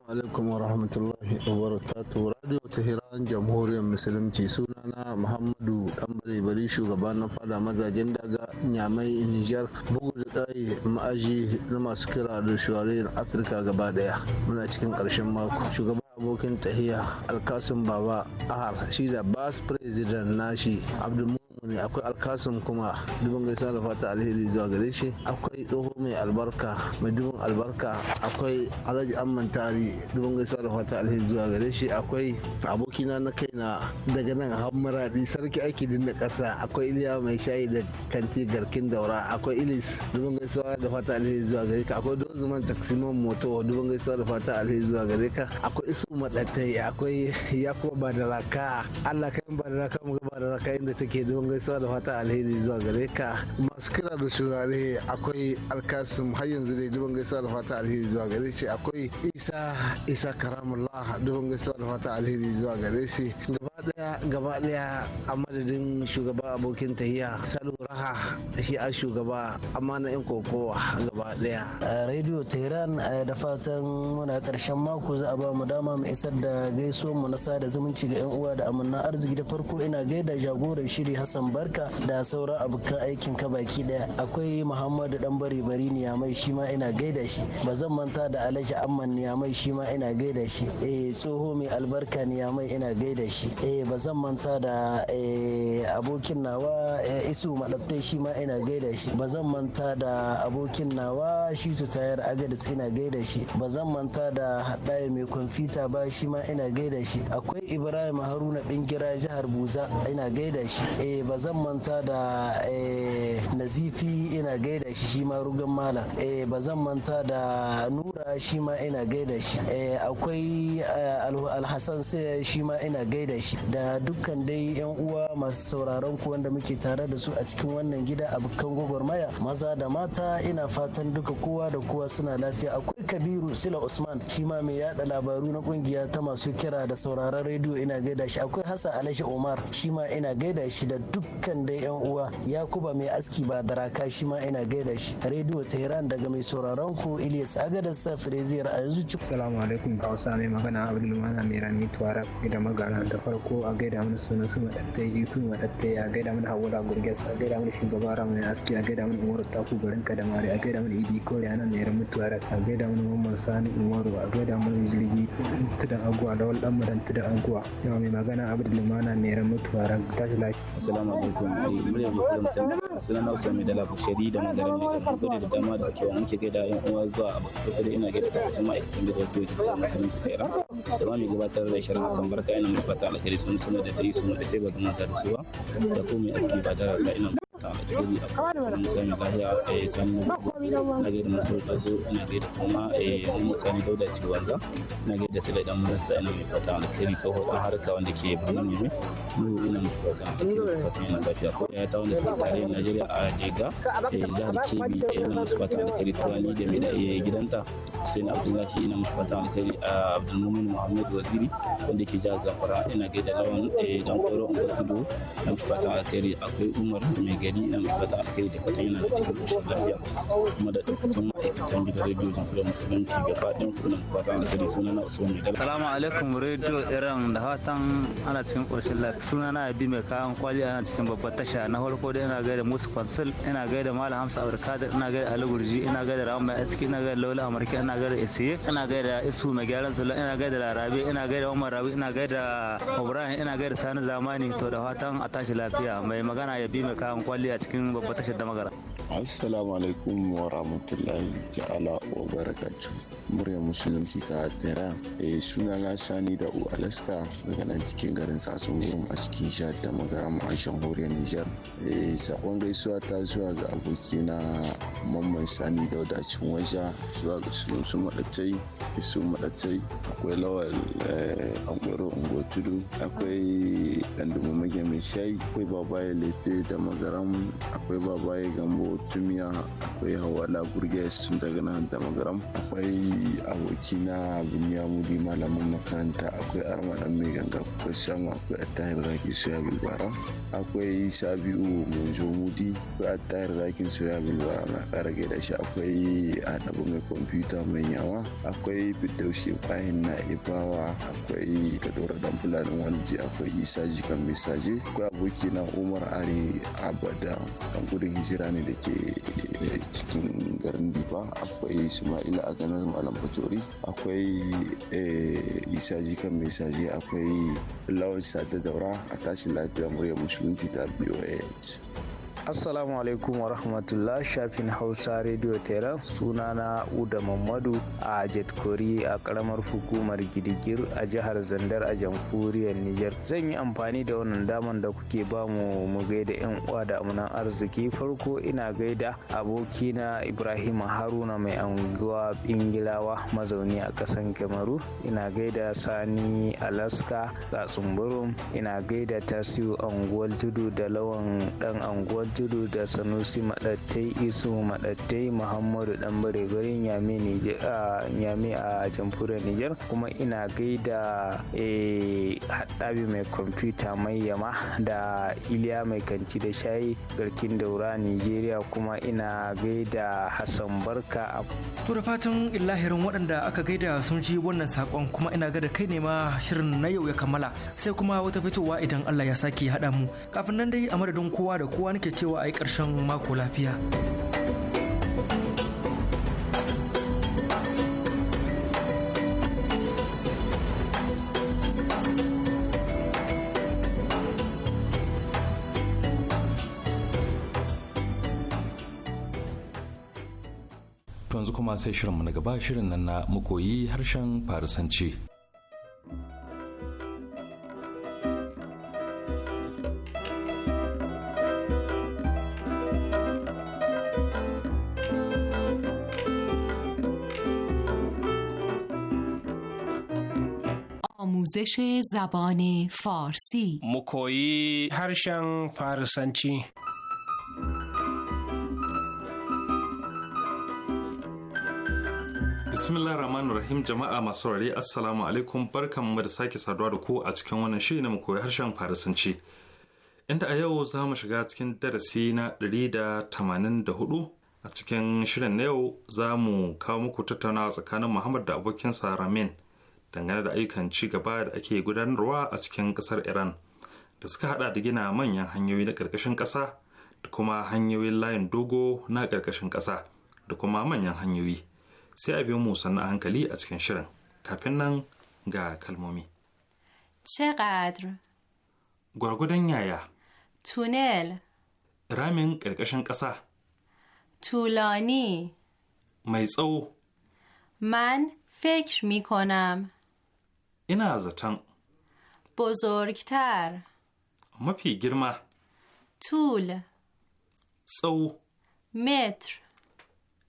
alaikum wa rahmatullahi wa barakatu radio tehran jamhuriyar musulunci sunana muhammadu dan bari shugaba na fada mazajen daga nyamai niger bugu da tsaye ma'aji na masu kira da shuwarayin afirka gaba daya muna cikin karshen mako shugaban abokin tahiya alkasun baba ahar shi da bas president nashi abdulmu ne akwai alkasum kuma dubin gaisa da fata alheri zuwa gare shi akwai tsoho mai albarka mai dubin albarka akwai alhaji amman tari dubin gaisa da fata alheri zuwa gare shi akwai abokina na kaina daga nan hammaradi sarki aiki din da kasa akwai iliya mai shayi da kanti garkin daura akwai ilis dubin gaisuwa da fata alheri zuwa gare ka akwai dozuman taksiman moto dubin gaisuwa da fata alheri zuwa gare ka akwai isu madatai akwai yakuwa badaraka allah kai badaraka mu ga badaraka inda take dubin gaisuwa da fata alheri zuwa gare ka masu kira da shirare akwai alkasim har yanzu dai dubban gaisuwa da fata alheri zuwa gare shi akwai isa isa karamullah dubban gaisuwa da fata alheri zuwa gare shi gaba daya gaba daya a madadin shugaba abokin tahiya salu raha shi a shugaba amma na yan kokowa gaba daya radio tehran da fatan muna karshen mako za a ba mu dama mu isar da gaisuwan mu na sada zumunci ga yan uwa da amanna arziki da farko ina gaida jagoran shiri hassan hassan barka da sauran abokan aikin ka baki daya akwai muhammadu dan bari bari mai shi ma ina gaida shi ba zan manta da alhaji amman mai shi ma ina gaida shi eh tsoho mai albarka mai, ina gaida shi eh ba zan manta da eh, abokin nawa eh, isu madatte shi ma ina gaida shi ba zan manta da abokin nawa shi tayar agadis ina gaida shi ba zan manta da haɗaya mai kwamfuta ba shi ma ina gaida shi akwai ibrahim haruna dingira jihar buza ina gaida shi eh ba zan manta da eh, nazifi ina gaida shi shi ma rugan malam eh, ba zan manta da nura shi ma ina gaida shi eh, akwai alhassan sai shi ma ina gaida shi da dukkan dai yan uwa masu sauraron ku wanda muke tare da su a cikin wannan gida a abokan gwagwarmaya maza da mata ina fatan duka kowa da kowa suna lafiya akwai kabiru sila usman shi ma mai yada labaru na kungiya ta masu kira da sauraron rediyo ina gaida shi akwai hassan alashi omar shi ma ina gaida shi da dukkan dai yan uwa yakuba mai aski ba daraka shi ma ina gaida shi rediyo tehran daga mai sauraron ku ilyas agadas sa freziyar a yanzu ci salamu alaikum hausa mai magana abdulmana mai rani tuwara da magana da farko a gaida mana sunan su madattai su madattai a gaida mana da gurgis a gaida mana shugaba mai aski a gaida mana umaru taku garin kadamari a gaida mana idi ko anan mai rami tuwara a gaida mana mamman sani umaru a gaida mana jirgi tudan aguwa lawal dan madan tudan aguwa yawa mai magana abdulmana mai rami tuwara tashi lafiya Assalamu alaikum muryar Jamhuriyar Musulmi suna na Usman Medala Bushari da Magarin Nijar na gode da dama da ake wani ke gaida yan uwa zuwa abu kokari ina gaida da kasan ma'aikatan da radio da Musulunci ta Iran da ma mai gabatar da shirin Hassan Barka ina mai fata alheri sun suna da dai sun da sai ba da mata da su ba da komai aski ba da ina barka a cikin sani lahiya a sani na gaida masu kazo na gaida kuma a musani dauda ce wanda na gaida su da dan marasa ina mai fata alkhairi tsohon harka wanda ke birnin ne mu ina mai fata alkhairi fata yana lafiya ko ya ta wani ke tare Najeriya a Jega jihar Kebbi ina mai fata alkhairi tuwani da mai da gidanta Hussein Abdullahi ina mai fata alkhairi a Abdulmumin Muhammad Waziri wanda ke jihar Zamfara ina gaida wani dan eh, koro Ungwatudu ina mai fata alkhairi akwai Umar mai gari ni ina mai fata alkai da fatan yana cikin koshin lafiya kuma da dukkan ma'aikatan gidan rediyo jamhuriyar musulunci ga fadin kunan fata alkai suna na usman mai dala. salamu alaikum rediyo iran da hatan ana cikin koshin lafiya suna na bi mai kayan kwali ana cikin babbar tasha na farko dai ina gaida musu kwansil ina gaida malam hamsa abdulkadir ina gaida ali gurji ina gaida rahama mai aski ina gaida laula amurka ina gaida isiye ina gaida isu mai gyaran sula ina gaida larabe ina gaida umar rabi ina gaida ibrahim ina gaida sani zamani to da fatan a tashi lafiya mai magana ya bi mai kayan kwali Sule a cikin babbar tashar da magara. Assalamu alaikum wa rahmatullahi ta'ala wa barakatuh. muryar musulunci ta tehran e, eh, suna na sani da u alaska daga nan cikin garin sasun gurum a cikin jihar da magaram a jamhuriyar nijar e, eh, sakon gaisuwa ta zuwa ga aboki na mamman sani da wadacin waja zuwa ga sunan su sunusu da su maɗatai akwai lawal eh, akwaro ungo tudu akwai ɗan mage mai shayi akwai babaye lefe da magaram akwai babaye gambo tumiya akwai hawala burgess sun daga nan da magaram akwai Abokina abokina bunyamudi malamin makaranta akwai armadan mai ganga akwai sama akwai attahir zaki soya bilbara akwai sabiu munzo mudi akwai attahir zakin soya bilbara na kara gaida shi akwai adabu mai kwamfuta mai yawa akwai fidaushi bayan na ibawa akwai kadora dan fulani walji akwai isa jikan misaje akwai abokina umar ali abada dan gudun hijira ne dake cikin garin diba akwai ismaila a ganin malam bature akwai eh, isa kan mai saje akwai lawan ta daura a tashin lafiya muryar musulunci ta boh Assalamu alaikum wa rahmatullah shafin Hausa Radio Tehran sunana Uda Mamadu a Jetkori a karamar hukumar Gidigir a jihar Zandar a jamhuriyar Nijar. Zan yi amfani da wannan daman da kuke ba mu gaida yan uwa da amunan arziki farko ina gaida abokina Ibrahim Haruna mai anguwa Bingilawa mazauni a kasan Kamaru ina gaida Sani Alaska tsumburum ina gaida Tasiu anguwar Tudu da Lawan dan anguwar Tudu da Sanusi Maɗattai Isu Maɗattai Muhammadu Ɗanbare garin Yami a jamhuriyar Nijar kuma ina gaida eh, haɗabi mai kwamfuta mai yama da Iliya mai kanci da shayi garkin daura Nijeriya kuma ina gaida Hassan Barka. To da fatan illahirin waɗanda aka gaida sun ji wannan saƙon kuma ina ga da kai ne ma shirin na yau ya kammala sai kuma wata fitowa idan Allah ya sake haɗa mu kafin nan dai a madadin kowa da kowa nake cewa cewa a yi ƙarshen mako lafiya. yanzu kuma sai shirinmu na gaba shirin nan na mukoyi harshen farisanci آموزش زبان فارسی مکویی هرشن فارسنچی bismillah rahman rahim jama'a masu rari assalamu alaikum mu da sake saduwa da ku a cikin wannan shiri na koyi harshen farisanci inda a yau za mu shiga cikin darasi na 184 a cikin shirin na yau za mu kawo muku tattaunawa tsakanin muhammad da abokinsa ramin dangane da ayyukan ci gaba da ake gudanarwa a cikin kasar iran da suka hada da gina manyan hanyoyi na ƙarƙashin ƙasa da kuma hanyoyin layin dogo na ƙarƙashin ƙasa da kuma manyan hanyoyi sai a biyo musan na hankali a cikin shirin kafin nan ga kalmomi چقدر gwargwadon yaya tunel ramin ƙarƙashin ƙasa tulani mai tsawo man fake mikonam. اینا زتن بزرگتر مپی طول سو متر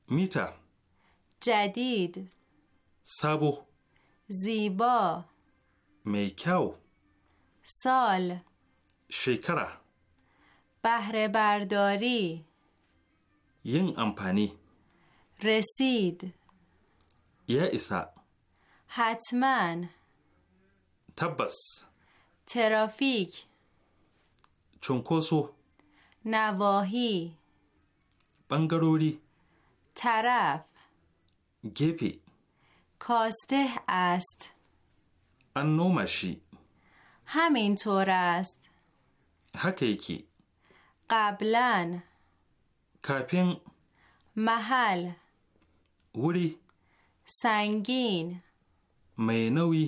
میتر جدید سابو زیبا میکاو سال شکره بهره برداری ین امپانی رسید یه ایسا tabbas Terafik. cunkoso Navohi. ɓangarori taraf gefe koste ast an noma shi hamin haka yake ƙablan kafin mahal wuri sangin mai nauyi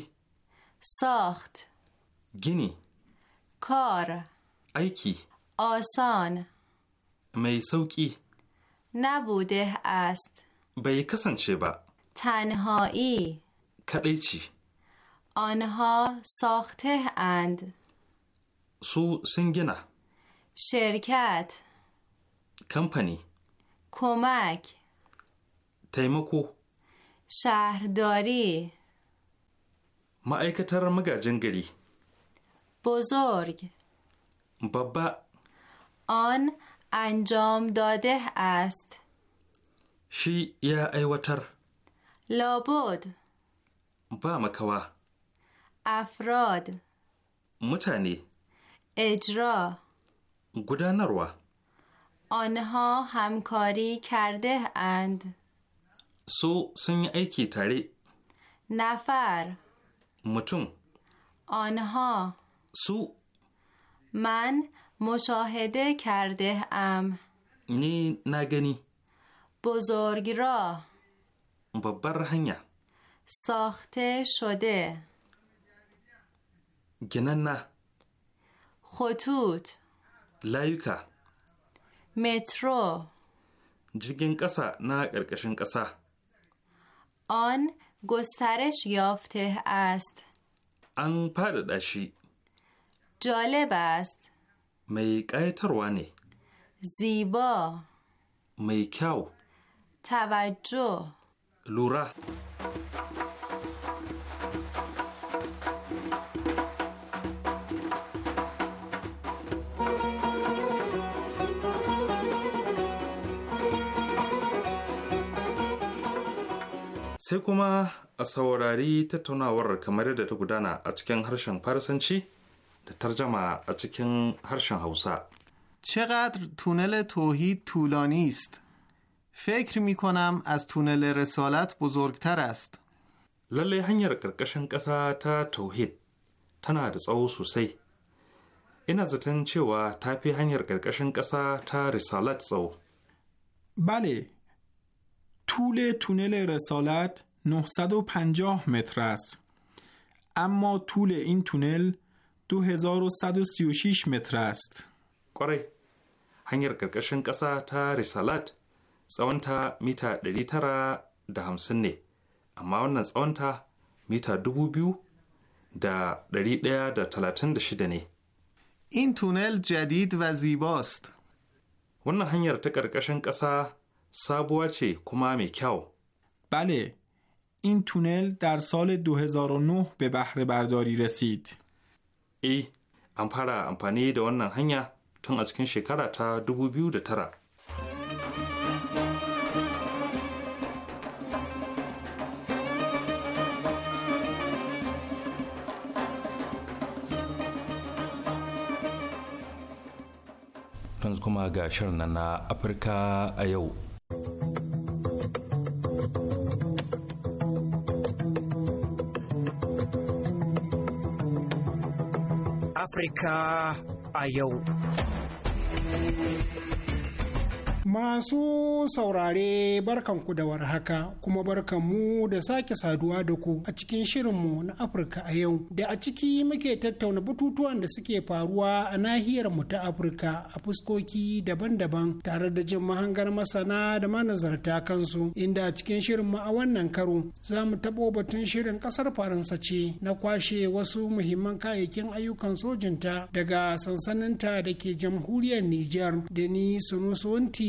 ساخت گینی کار ایکی آسان می نبوده است bai چه با تنهایی kaɗai آنها ساخته اند. سو سنگنا، شرکت کمپانی کمک تیمکو شهرداری ma'aikatar magajin gari bozorg babba an anjam dade ast shi ya aiwatar labod ba makawa afrod mutane ejra gudanarwa آنها همکاری کرده اند سو سنی ایکی تاری نفر متون آنها سو من مشاهده کرده ام نی نگنی بزرگ را ببر هنگه ساخته شده گنن نه خطوط لایوکا مترو جگن کسا نه کرکشن کسا آن گسترش یافته است انپردشی جالب است می زیبا می توجه لوره sai kuma a saurari tattaunawar kamar yadda ta gudana a cikin harshen Farisanci da tarjama a cikin harshen Hausa. چقدر تونل توحید طولانی است فکر می کنم از تونل رسالت lalle hanyar ƙarƙashin ƙasa ta tauhid tana da tsawo sosai ina zaton cewa ta fi hanyar ƙarƙashin ƙasa ta risalat tsawo bale طول تونل رسالت 950 متر است اما طول این تونل 2136 متر است کاری هنگر کرکشن کسا تا رسالت سوان تا میتا دلیتر دا همسن اما اونن سوان تا میتا دوبو دا دلیت دیا دا تلاتن دا این تونل جدید و زیباست ونن هنگر تکرکشن کسا sabuwa ce kuma mai kyau. bale in تونل dar سال 2009 به بهره برداری رسید. e an fara amfani da wannan hanya tun a cikin shekara ta 2009. tara kuma ga shirin na Afirka a yau. Afirka a yau. Masu saurare barkanku da warhaka kuma barkanmu da sake saduwa da ku a cikin shirinmu na Afirka a yau da a ciki muke tattauna batutuwan da suke faruwa a nahiyar mu ta Afirka a fuskoki daban-daban tare da jin mahangar masana da manazarta kansu inda a cikin shirinmu a wannan karo za mu tabo batun shirin kasar Faransa ce na kwashe wasu muhimman kayayyakin ayyukan sojinta daga sansaninta da ke jamhuriyar Nijar da ni Sunusuwanti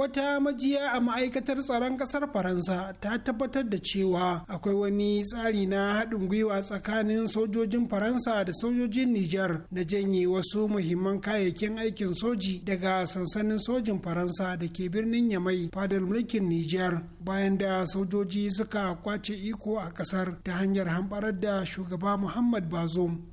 wata majiya a ma'aikatar tsaron kasar faransa ta tabbatar da cewa akwai wani tsari na haɗin gwiwa tsakanin sojojin faransa da sojojin nijar na janye wasu muhimman kayayyakin aikin soji daga sansanin sojin faransa da ke birnin yamai fadar mulkin nijar bayan da sojoji suka kwace iko a kasar ta hanyar hamɓarar da shugaba muhammad bazoum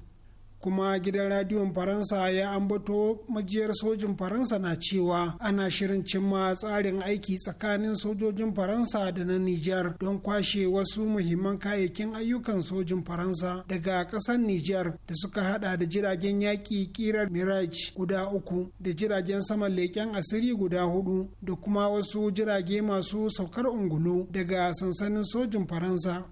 kuma gidan radiyon faransa ya ambato majiyar sojin faransa na cewa ana shirin cimma tsarin aiki tsakanin sojojin faransa da na nijar don kwashe wasu muhimman kayayyakin ayyukan sojin faransa daga ƙasar nijar da suka hada da jiragen yaƙi kirar mirage guda uku da jiragen saman leƙen asiri guda hudu da kuma wasu jirage masu saukar ungulu daga sansanin sojin faransa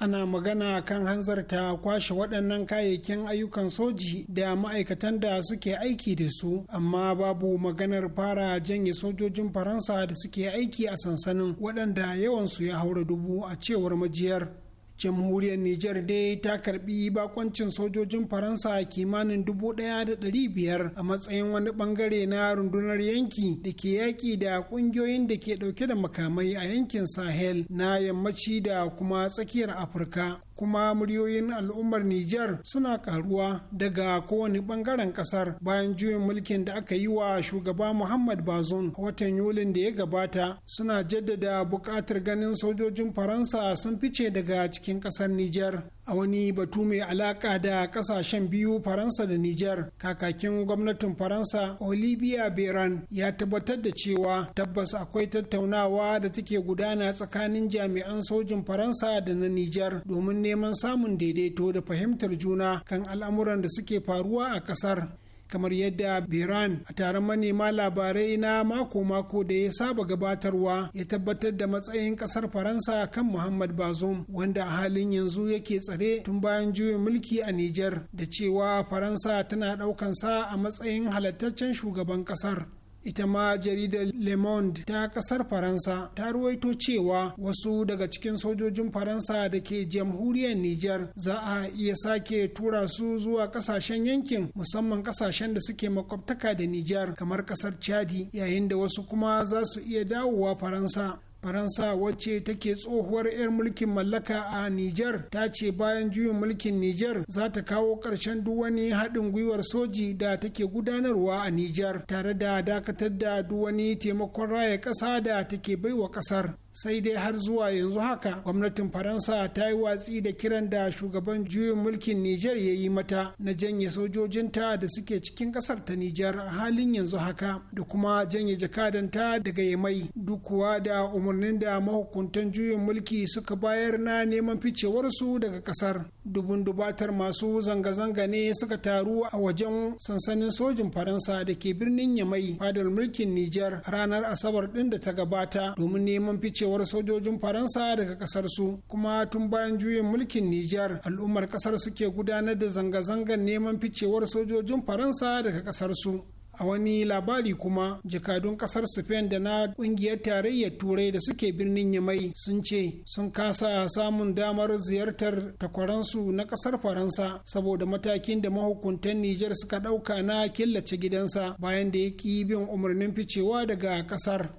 ana magana kan hanzarta kwashe waɗannan kayayyakin ayyukan soji da ma'aikatan da suke aiki da su amma babu maganar fara janye sojojin faransa da suke aiki a sansanin waɗanda yawansu ya haura dubu a cewar majiyar jamhuriyar niger dai ta karbi bakoncin sojojin faransa kimanin dubu ɗaya da ɗari biyar a matsayin wani bangare na rundunar yanki da ke yaƙi da ƙungiyoyin da ke ɗauke da makamai a yankin sahel na yammaci da kuma tsakiyar afirka kuma muryoyin al'ummar Nijar suna karuwa daga kowane bangaren kasar bayan juyin mulkin da aka yi wa shugaba Muhammad Bazoum a watan Yulin da ya gabata suna jaddada buƙatar ganin sojojin Faransa sun fice daga cikin ƙasar Nijar a wani batu mai alaka da kasashen biyu faransa da niger kakakin gwamnatin faransa olivia beran ya tabbatar da cewa tabbas akwai tattaunawa da take gudana tsakanin jami'an sojin faransa da na niger domin neman samun daidaito da fahimtar juna kan al'amuran da suke faruwa a kasar kamar yadda Biran a taron manema labarai na mako-mako da ya saba gabatarwa ya tabbatar da matsayin kasar Faransa kan Muhammad bazum wanda a halin yanzu yake tsare tun bayan juyin mulki a Nijar da cewa Faransa tana ɗaukansa a matsayin halattaccen shugaban kasar. ita ma jaridar le monde ta kasar faransa ta ruwaito cewa wasu daga cikin sojojin faransa da ke jamhuriyar niger za a iya sake tura su zuwa kasashen yankin musamman kasashen da suke makwabtaka da niger kamar kasar chadi yayin da wasu kuma za su iya dawowa faransa faransa wacce take tsohuwar 'yar mulkin mallaka a niger ta ce bayan juyin mulkin niger za ta kawo ƙarshen duk wani haɗin gwiwar soji da take gudanarwa a niger tare da dakatar da duk taimakon raya ƙasa da take baiwa ƙasar sai dai har zuwa yanzu haka gwamnatin faransa ta yi watsi da kiran da shugaban juyin mulkin niger ya yi mata na janye sojojinta da suke cikin kasar ta niger a halin yanzu haka da kuma janye jakadanta daga yamai duk kuwa da umarnin da mahukuntan juyin mulki suka bayar na neman ficewarsu daga kasar dubun dubatar masu zanga-zanga ne suka taru a wajen sansanin sojin faransa da ke birnin yamai fadar mulkin niger ranar asabar din da ta gabata domin neman fice ficewar sojojin faransa daga kasar su kuma tun bayan juyin mulkin nijar al'ummar kasar suke gudanar da zanga-zangar neman ficewar sojojin faransa daga kasar su a wani labari kuma jakadun kasar spain da na kungiyar tarayyar turai da suke birnin yamai sun ce sun kasa samun damar ziyartar takwaransu na kasar faransa saboda matakin da mahukuntan nijar suka ɗauka na killace gidansa bayan da ya ki bin umarnin ficewa daga kasar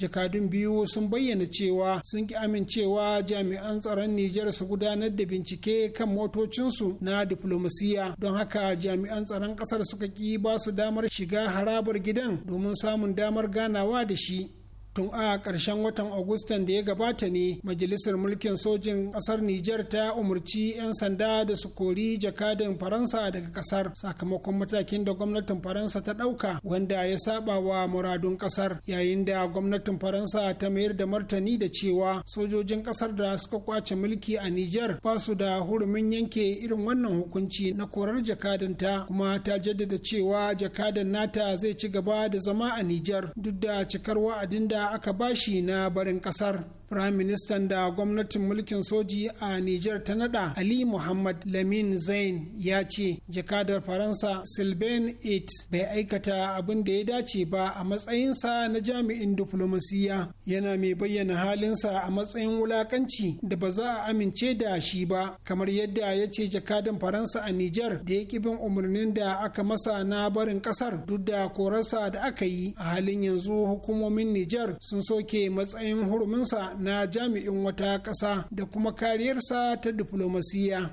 jakadun biyu sun bayyana cewa sun ki amincewa jami'an tsaron Nijar su gudanar da bincike kan motocinsu na diplomasiya don haka jami'an tsaron kasar suka ki ba su damar shiga harabar gidan domin samun damar ganawa da shi tun a ƙarshen watan agustan da ya gabata ne majalisar mulkin sojin ƙasar nijar ta umarci 'yan sanda da su kori jakadin faransa daga ƙasar sakamakon matakin da gwamnatin faransa ta ɗauka wanda ya saba wa muradun ƙasar yayin da gwamnatin faransa ta mayar da martani da cewa sojojin ƙasar da suka kwace mulki a nijar ba su da hurumin yanke irin wannan hukunci na korar ta kuma ta jaddada cewa jakadin nata zai ci gaba da zama a nijar duk da cikar wa'adin da da aka bashi na barin kasar Prime Minister da gwamnatin mulkin soji a Nijar ta nada Ali Muhammad Lamin Zain ya ce jakadar Faransa Sylvain It bai aikata abin da ya dace ba a matsayinsa na jami'in diflomasiyya yana mai bayyana halinsa a matsayin wulakanci da ba za a amince da shi ba kamar yadda ya ce jakadan Faransa a Nijar da ya bin umarnin da aka masa na barin kasar duk da korarsa da aka yi a halin yanzu hukumomin Nijar sun soke matsayin huruminsa na jami'in wata ƙasa da kuma kariyarsa ta diflomasiyya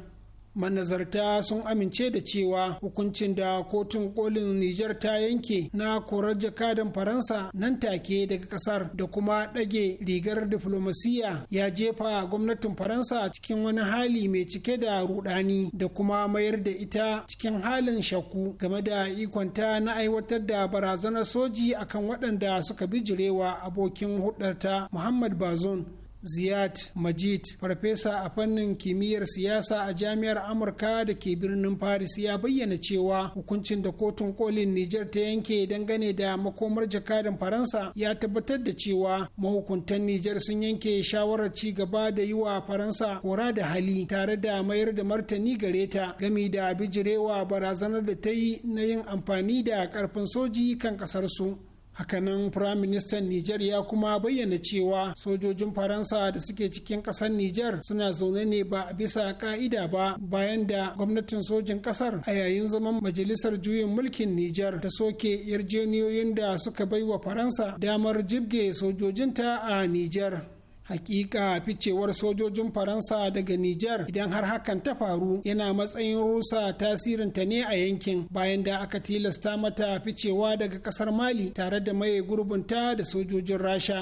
manazarta sun amince da cewa hukuncin da kotun kolin Nijar ta yanke na korar jakadan Faransa nan take daga kasar da kuma ɗage rigar diflomasiya ya jefa gwamnatin Faransa cikin wani hali mai cike da rudani da kuma mayar da ita cikin halin shaku game da ikonta na aiwatar da barazanar soji akan waɗanda suka bijirewa abokin hudarta Muhammad bazon Ziyad Majid, farfesa a fannin kimiyyar siyasa a jami'ar Amurka da ke birnin Paris ya bayyana cewa hukuncin da kotun kolin Nijar ta yanke dangane da makomar jakadan Faransa ya tabbatar da cewa mahukuntan Nijar sun yanke shawarar ci gaba da yi wa Faransa kora da hali tare da mayar da martani gare ta gami da bijirewa barazanar da ta yi na yin amfani da karfin soji kan kasarsu. hakanan firaministan nijar ya kuma bayyana cewa sojojin faransa da suke cikin kasar nijar suna zaune ne ba bisa ka'ida ba bayan da gwamnatin sojin kasar a yayin zaman majalisar juyin mulkin nijar ta soke yarjeniyoyin da suka baiwa faransa damar jibge sojojinta a nijar hakika ficewar sojojin faransa daga niger idan har hakan ta faru yana matsayin rusa tasirinta ne a yankin bayan da aka tilasta mata ficewa daga kasar mali tare da maye gurbinta da sojojin rasha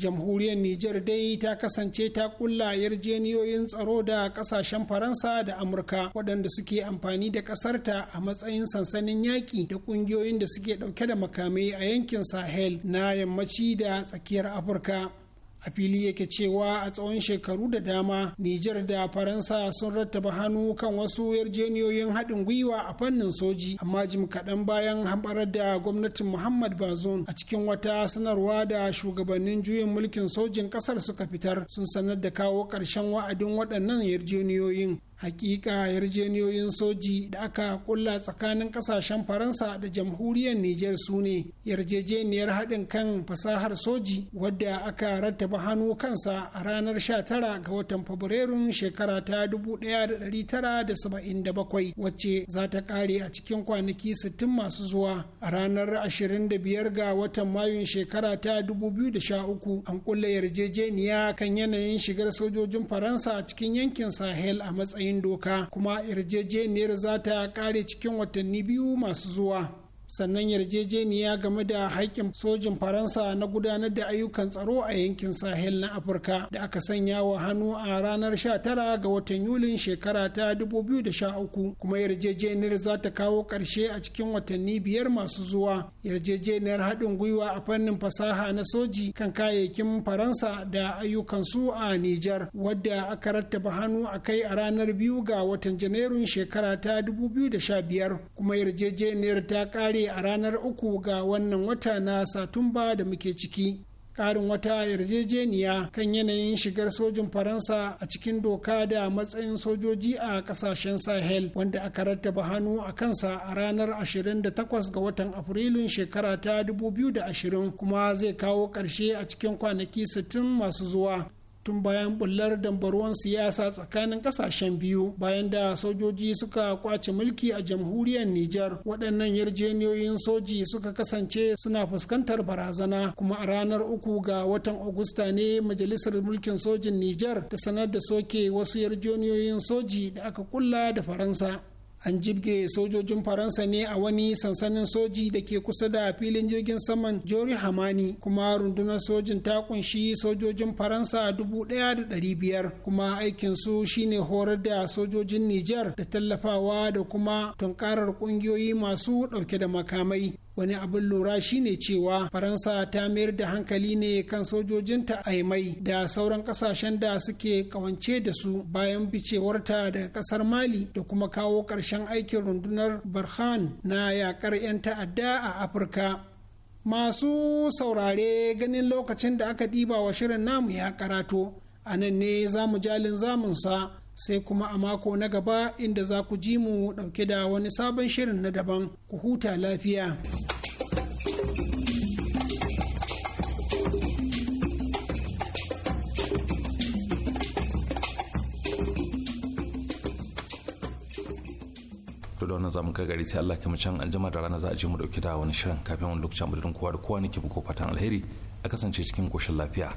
jamhuriyar Nijar dai ta kasance ta kulla yarjeniyoyin tsaro da kasashen Faransa da Amurka waɗanda suke amfani da ƙasarta a matsayin sansanin yaƙi da ƙungiyoyin da suke ɗauke da makamai a yankin Sahel na yammaci da tsakiyar Afirka. a fili yake cewa a tsawon shekaru da dama Nijar da Faransa sun rattaba hannu kan wasu yarjeniyoyin haɗin gwiwa a fannin soji amma jim kaɗan bayan hamɓarar da gwamnatin Muhammad Bazoum a cikin wata sanarwa da shugabannin juyin mulkin sojin ƙasar suka fitar sun sanar da kawo ƙarshen wa'adin waɗannan yarjeniyoyin hakika yarjeniyoyin soji da aka kulla tsakanin kasashen faransa da jamhuriyar niger su ne yarjejeniyar haɗin kan fasahar soji wadda aka rattaba hannu kansa a ranar 19 ga watan fabrairun shekara ta 1977 wacce za ta ƙare a cikin kwanaki 60 masu zuwa a ranar 25 ga watan mayun shekara ta 2013 an kulla yarjejeniya kan yanayin shigar sojojin faransa a cikin yankin sahel a matsayin matsayin doka kuma yarjejeniyar za ta kare cikin watanni biyu masu zuwa sannan yarjejeniya game da haƙƙin sojin faransa na gudanar da ayyukan tsaro a yankin sahel na afirka da aka sanya wa hannu a ranar 19 ga watan yulin shekara ta 2013 kuma yarjejeniyar za ta kawo ƙarshe a cikin watanni biyar masu zuwa yarjejeniyar haɗin gwiwa a fannin fasaha na soji kan kayayyakin faransa da ayyukansu a nijar wadda aka rattaba hannu a kai a ranar biyu ga watan janairun shekara ta 2015 kuma yarjejeniyar ta ƙare kare a ranar uku ga wannan wata na satumba da muke ciki karin wata yarjejeniya kan yanayin shigar sojin faransa a cikin doka da matsayin sojoji a kasashen sahel wanda aka rattaba hannu a kansa a ranar 28 ga watan afrilun shekara ta 2020 kuma zai kawo ƙarshe a cikin kwanaki 60 masu zuwa tun bayan bullar ruwan siyasa tsakanin kasashen biyu bayan da sojoji suka kwace mulki a jamhuriyar Nijar waɗannan yarjeniyoyin soji suka kasance suna fuskantar barazana kuma a ranar uku ga watan Agusta ne majalisar mulkin sojin Nijar ta sanar da soke wasu yarjeniyoyin soji da aka kulla da Faransa. an jibge sojojin faransa ne a wani sansanin soji da ke kusa da filin jirgin saman jori hamani kuma rundunar sojin ta kunshi sojojin faransa dubu daya da dari biyar kuma aikin su shine horar da sojojin niger da tallafawa da kuma tunkarar kungiyoyi masu dauke da makamai wani abin lura shine cewa faransa ta mayar da hankali ne kan sojojinta a mai da sauran kasashen da suke kawance da su bayan bicewarta daga kasar mali da kuma kawo ƙarshen aikin rundunar barhan na yakar 'yan ta'adda a afirka masu saurare ganin lokacin da aka ɗiba wa shirin namu ya karato a nan ne zamu jalin zamunsa sai kuma a mako na gaba inda za ku ji mu ɗauke da wani sabon shirin na daban ku huta lafiya. da wannan zamu kai gari sai Allah kuma can aljama da rana za a je mu dauki da wani shirin kafin wani lokacin budurin kowa da kowa nake buko fatan alheri a kasance cikin koshin lafiya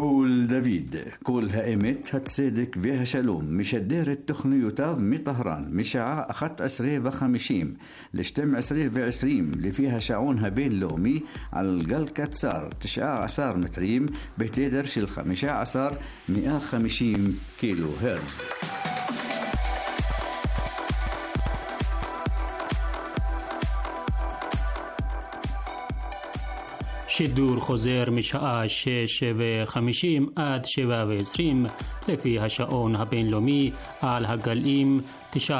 كول دافيد كول هائمت هتسيدك بها شلوم مش الدير التخني يتاب مي طهران مشاع أخت أسري بخمشيم لشتم أسري بعسريم اللي فيها شعونها بين لومي على القلقة كتسار تشعى عصار متريم بهتدرش الخمشة عصار مئة خمشيم كيلو هرتز ش دور خوزر میشه شش و خمیشیم آد شو و سریم، لفی حشون ها لومی آل هگلمی تشار